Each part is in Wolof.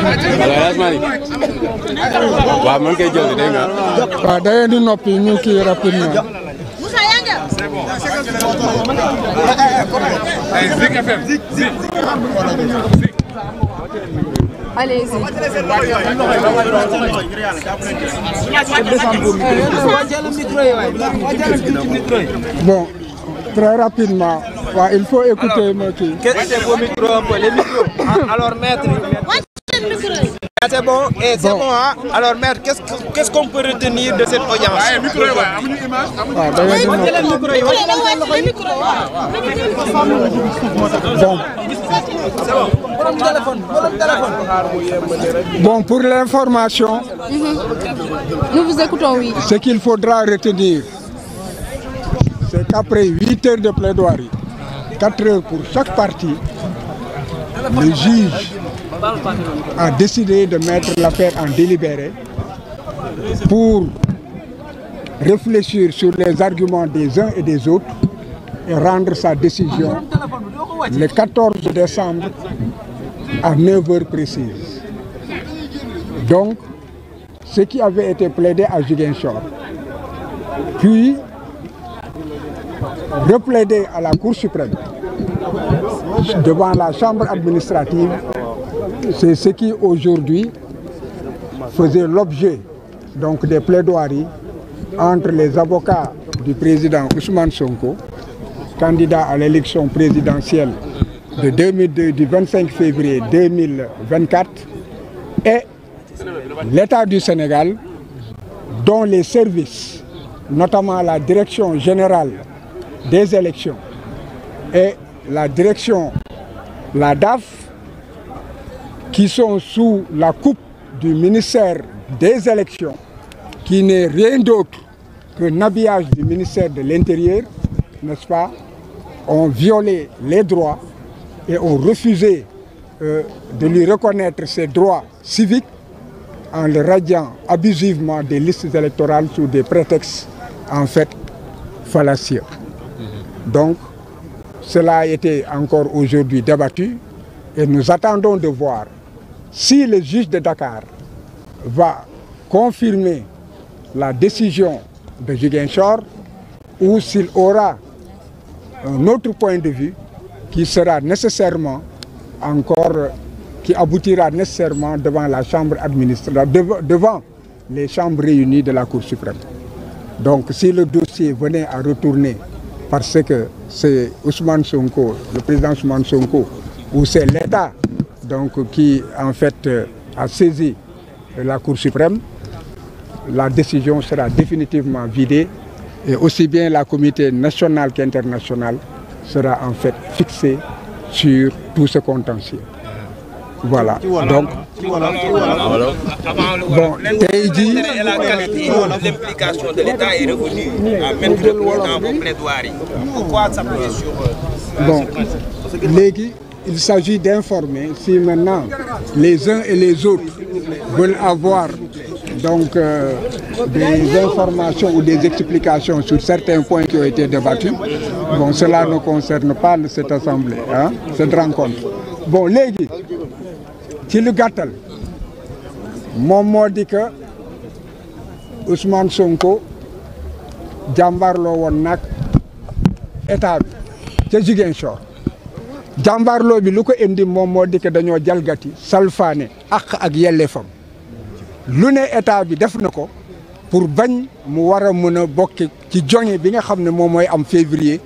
alaaj Malick waaw man koy noppi ñu kii rapidement allez il faut écouter Moti. Ah, bon, pour l'information. Mm-hmm. Nous vous écoutons, oui. Ce qu'il faudra retenir, c'est qu'après huit heures de plaidoirie, quatre heures pour chaque partie, le juge a décidé de mettre l'affaire en délibéré pour réfléchir sur les arguments des uns et des autres et rendre sa décision le 14 décembre à 9 heures précises. Donc, ce qui avait été plaidé à Jugenchor, puis replaidé à la Cour suprême devant la Chambre administrative C'est ce qui aujourd'hui faisait l'objet donc des plaidoiries entre les avocats du président Ousmane Sonko, candidat à l'élection présidentielle de 2002, du 25 février 2024, et l'État du Sénégal, dont les services, notamment la direction générale des élections et la direction, la qui sont sous la coupe du ministère des élections, qui n'est rien d'autre qu'un habillage du ministère de l'Intérieur, n'est-ce pas, ont violé les droits et ont refusé euh, de lui reconnaître ses droits civiques en le radiant abusivement des listes électorales sous des prétextes en fait fallacieux. Donc, cela a été encore aujourd'hui débattu et nous attendons de voir Si le juge de Dakar va confirmer la décision de Ziguinchor ou s'il aura un autre point de vue qui sera nécessairement encore, qui aboutira nécessairement devant la chambre administrative, devant les chambres réunies de la Cour suprême. Donc si le dossier venait à retourner parce que c'est Ousmane Sonko, le président Ousmane Sonko, ou c'est l'État donc qui en fait à saisi la Cour suprême. La décision sera définitivement vidée et aussi bien la communauté nationale qu'internationale sera en fait fixée sur tout ce contentieux. donc ah, bon de l'État il s'agit d'informer si maintenant les uns et les autres veulent avoir donc euh, des informations ou des explications sur certains points qui ont été débattus. Bon, cela ne concerne pas cette assemblée, hein, cette rencontre. Bon, léegi ci lu gàttal moom moo di que Ousmane Sonko jàmbaarloo woon nag état bi ca Ziguinchor jàmbaarloo bi lu ko indi moom moo di dañoo jalgati salfaane àq ak yelleefam lu ne état bi def na ko pour bañ mu war a mën a bokk ci joŋe bi nga xam ne moom mooy am février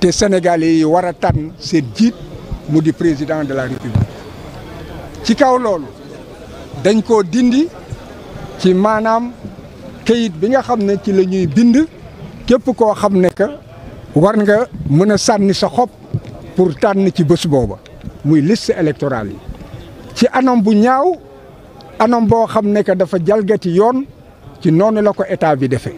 te sénégalais yi war a tànn seen jiit mu di président de la république ci kaw loolu dañ koo dindi ci maanaam këyit bi nga xam ne ci la ñuy bind képp koo xam ne que war nga mën a sànni sa xob pour tànn ci bés booba muy liste électorale yi ci anam bu ñaaw anam boo xam ne que dafa jalgati yoon ci noonu la ko état bi defee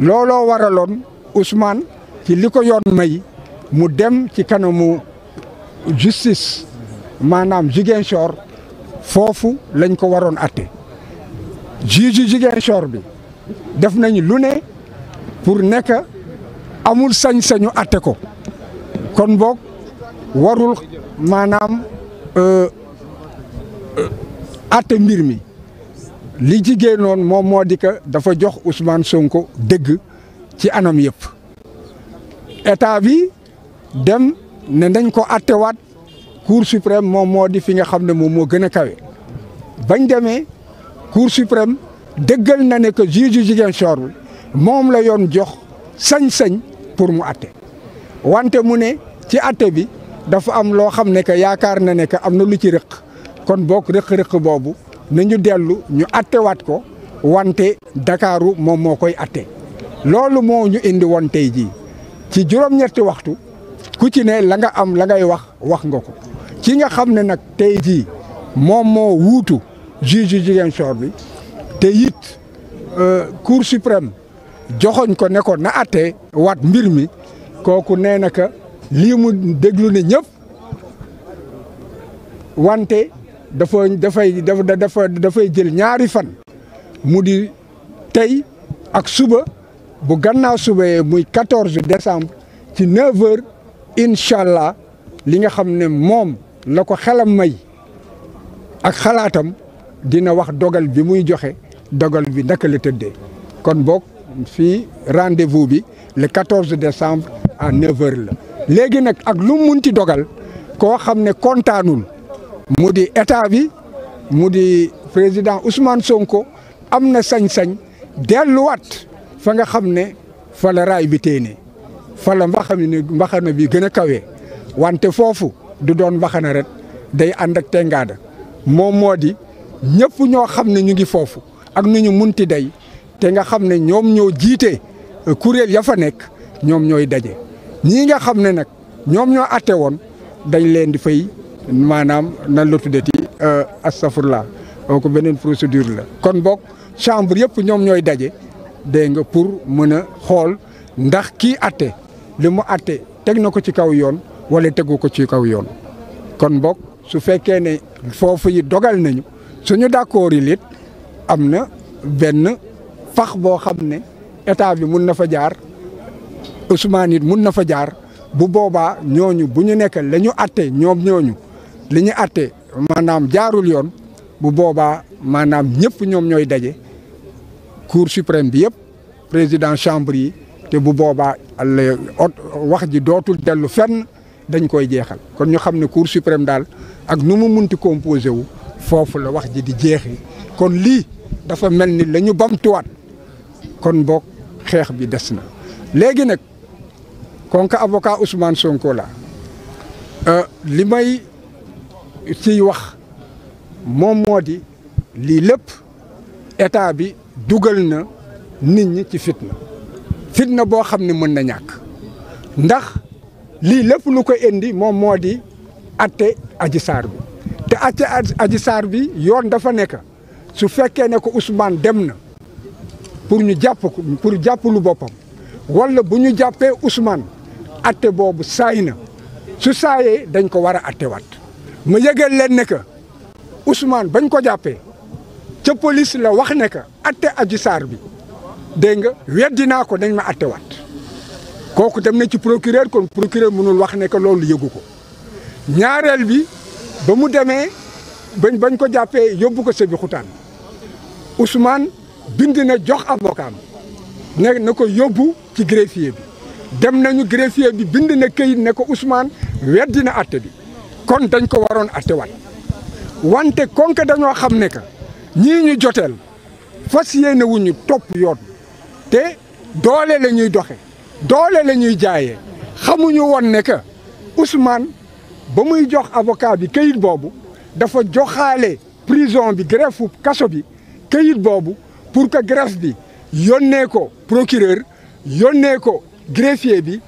looloo waraloon Ousmane ci li ko yoon may mu dem ci kanamu justice maanaam Ziguinchor foofu lañ ko waroon atte juge Ziguinchor bi def nañ lu ne pour nekk amul sañ-sañu atte ko kon boog warul maanaam euh, euh, àtte mbir mi li jigéen moom moo di que dafa jox Ousmane ko dëgg ci anam yëpp état bi dem ne nañ ko àttewaat cour suprême moom moo di fi nga xam ne moom moo gën a kawe. bañ demee cour suprême dëggal na ne que juge Ziguinchor bi moom la yoon jox sañ-sañ pour mu àtte wante mu ne ci àtte bi dafa am loo xam ne que yaakaar na ne que am na lu ci rëq kon boog rëq-rëq boobu nañu dellu ñu attewaat ko wante Dakaaru moom moo koy atte loolu moo ñu indi woon tey jii ci juróom-ñetti waxtu ku ci ne la nga am la ngay wax wax nga ko ci nga xam ne nag tey jii moom moo wuutu juge Ziguinchor bi te it euh, Cour suprême joxoñ ko ne ko na atte wat mbir mi kooku nee na ka lii mu déglu ne ñëpp wante dafa dafay dafa dafay jël ñaari fan mu di tey ak suba bu gannaaw suba muy 14 décembre ci 9 heures incha allah li nga xam ne moom la ko xelam may ak xalaatam dina wax dogal bi muy joxe dogal bi naka la tëddee kon boog fii rendez bi le 14 décembre à 9 heures la. léegi nag ak lu mu munti dogal koo xam ne kontaanul mu di état bi mu di président Ousmane Sonko am na sañsañ sañ delluwaat fa nga xam ne fa raay bi téene fa la mbaxana bi gën a kawee wante foofu du doon mbaxana ret day ànd ak tengaada moom moo di ñëpp ñoo xam ne ñu ngi foofu ak nu ñu munti day te nga xam ne ñoom ñoo jiite kuréel ya fa nekk ñoom ñooy daje. ñii nga xam ne nag ñoom ñoo atte woon dañ leen di fay maanaam nan la tuddee euh, ci astafurla donc beneen procédure la kon boog chambre yëpp ñoom ñooy daje dégg nga pour mën a xool ndax kii atte li mu atte teg na ko ci kaw yoon wala tegu ko ci kaw yoon kon boog su fekkee ne foofu yi dogal nañu suñu d'accord yi it am na benn fax boo xam ne état bi mun na fa jaar Ousmane it mun na fa jaar bu boobaa ñooñu bu ñu nekk lañu ñu atte ñoom ñooñu li ñu atte maanaam jaarul yoon bu boobaa maanaam ñëpp ñoom ñooy daje cour suprême bi yëpp président chambre yi te bu boobaa wax ji dootul dellu fenn dañ koy jeexal kon ñu xam ne cour suprême daal ak nu mu munti composé wu foofu la wax ji di jeexi kon lii dafa mel ni lañu ñu bamtuwaat kon boog xeex bi des na léegi nag kon ka avocat Ousmane Sonko la euh, li may ciy wax moom moo di lii lépp état bi dugal na nit ñi ci fitna fitna boo xam ne mën na ñàkk ndax lii lépp lu ko indi moom moo di atte aji bi te atte aji bi yoon dafa nekk su fekkee ne ko Ousmane dem na pour ñu jàpp ko jàpp lu boppam walla bu ñu jàppee Ousmane atte boobu saay na su saayee dañ ko war a attewaat ma yëgal leen ne que Ousmane bañ ko jàppee ca police la wax ne que atte Adji Sarr bi dégg nga weddi ko dañ ma attewaat kooku dem na ci procureur kon procureur mënul wax ne que loolu yëgu ko ñaareel bi ba mu demee bañ bañ ko jàppee yóbbu ko sëbi xutaan Ousmane bind na jox avocat ne na ko yóbbu ci greffier bi dem nañu greffier bi bind na këyit ne ko Ousmane weddi na atte bi kon dañ ko waroon atte wat wante kon dañoo xam ne que ñii ñu joteel fas yéene wuñu topp yoon te doole la ñuy doxe doole la ñuy jaaye xamuñu woon ne que Ousmane ba muy jox avocat bi boobu dafa joxaale prison bi greffe kaso bi këyit boobu pour que greffe bi yónnee ko procureur yónnee ko greffier bi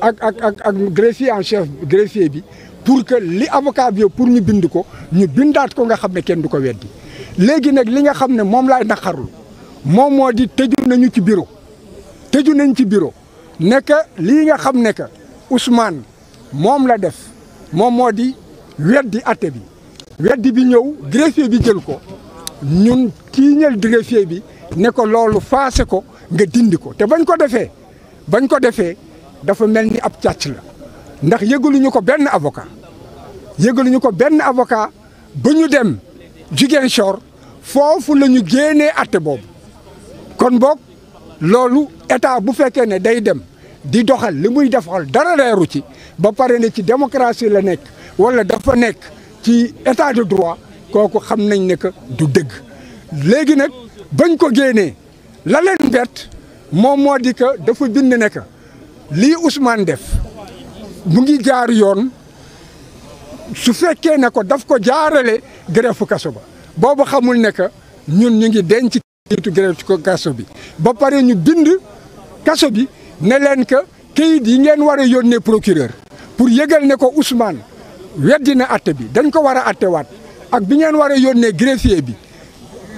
ak ak ak ak greffier en chef greffier bi pour que li avocat bi pour ñu bind ko ñu bindaat ko nga xam ne kenn du ko weddi léegi nag li nga xam ne moom laay naqarlu moom moo di tëju nañu ci bureau tëju nañ ci bureau ne que lii nga xam ne que Ousmane moom la def moom moo di weddi atte bi weddi bi ñëw greffier bi jël ko ñun kii ñël greffier bi ne ko loolu faase ko nga dindi ko te bañ ko defee bañ ko defee dafa mel ni ab càcc la ndax yëgaluñu ko benn avocat yëgaluñu ko benn avocat ba ñu dem Ziguinchor foofu la ñu génnee atte boobu kon boog loolu état bu fekkee ne day dem di doxal li muy defal dara leeru ci ba pare ne ci démocratie la nekk wala dafa nekk ci état de droit kooku xam nañ ne que du dëgg léegi nag bañ ko génnee la leen bett moom moo di que dafa bind ne que lii Ousmane def mu ngi jaar yoon su fekkee ne ko daf ko jaarale greffe kaso ba boobu xamul ne que ñun ñu ngi denc kayitu greffe ko kaso bi ba pare ñu bind kaso bi ne leen que kayit yi ngeen war yónnee procureur pour yëgal ne ko Ousmane wedd na atte bi dañ ko war a attewaat ak bi ngeen war a yónnee greffier bi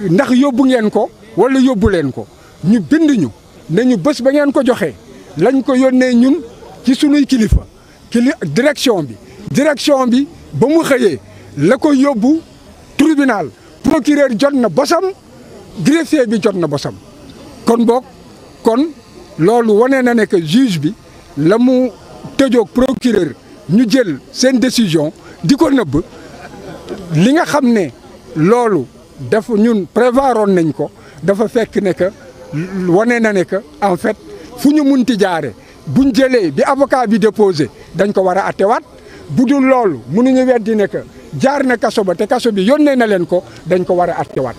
ndax yóbbu ngeen ko wala yóbbu leen ko ñu bind ñu nañu bés ba ngeen ko joxee lañ ko yónnee ñun ci sunuy kilifa kili direction bi direction bi ba mu xëyee la ko yóbbu tribunal procureur jot na bosam greffier bi jot na bosam kon book kon loolu wane na ne que juge bi la mu tëjoog procureur ñu jël seen décision di ko nëbb li nga xam ne loolu dafa ñun prévoir prévaroon nañ ko dafa fekk ne que wane na ne que en fait fu ñu munti jaare buñ jëlee bi avocat bi déposé dañ ko war a attewaat bu dul loolu mënuñu weddi ne que jaar na kaso ba te kaso bi yónnee na leen ko dañ ko war a attewaat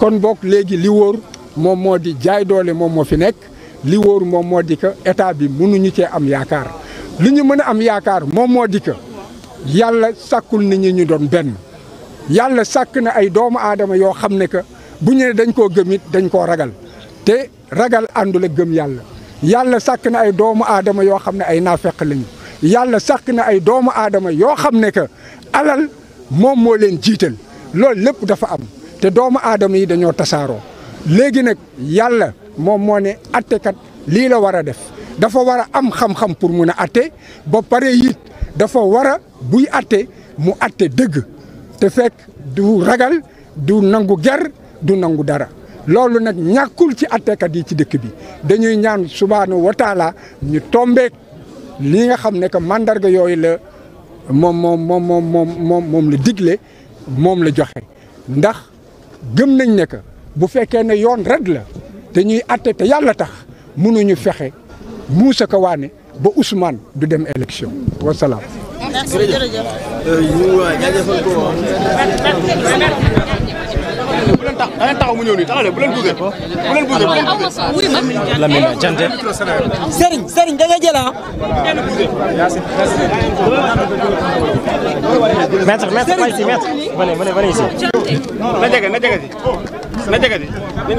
kon boog léegi li wóor moom moo di jaay doole moom moo fi nekk li wóor moom moo di que état bi mënuñu cee am yaakaar li ñu mën a am yaakaar moom moo di que yàlla sàkkul ni ñi ñu doon benn yàlla sàkk na ay doomu aadama yoo xam ne que bu ñu ne dañ koo gëmit dañ koo ragal te ragal àndule gëm yàlla yàlla sàkk na ay doomu aadama yoo xam ne ay naafeq lañu yàlla sàkk na ay doomu aadama yoo xam ne que alal moom moo leen jiital loolu lépp dafa am te doomu aadama yi dañoo tasaaroo léegi nag yàlla moom moo ne attekat lii la war a def dafa war a am xam-xam pour mun a atte ba pare it dafa war a buy atte mu atte dëgg te fekk du ragal du nangu ger du nangu dara loolu nag ñàkkul ci attekat yi ci dëkk bi dañuy ñaan subhaanahu wa ñu tombeek li nga xam ne que mandarga yooyu la moom moom moom la digle moom la joxe ndax gëm nañ ne que bu fekkee ne yoon rekk la te ñuy atte te yàlla tax mënuñu fexe Moussa Kawane ba Ousmane du dem élection leen tax da leen taxaw mu bu leen bougé bu leen bougé bu leen bougé Jante sëriñ sëriñ da nga jël ah maître maître ici maître venez venez venez ici na jege na jege si na jege si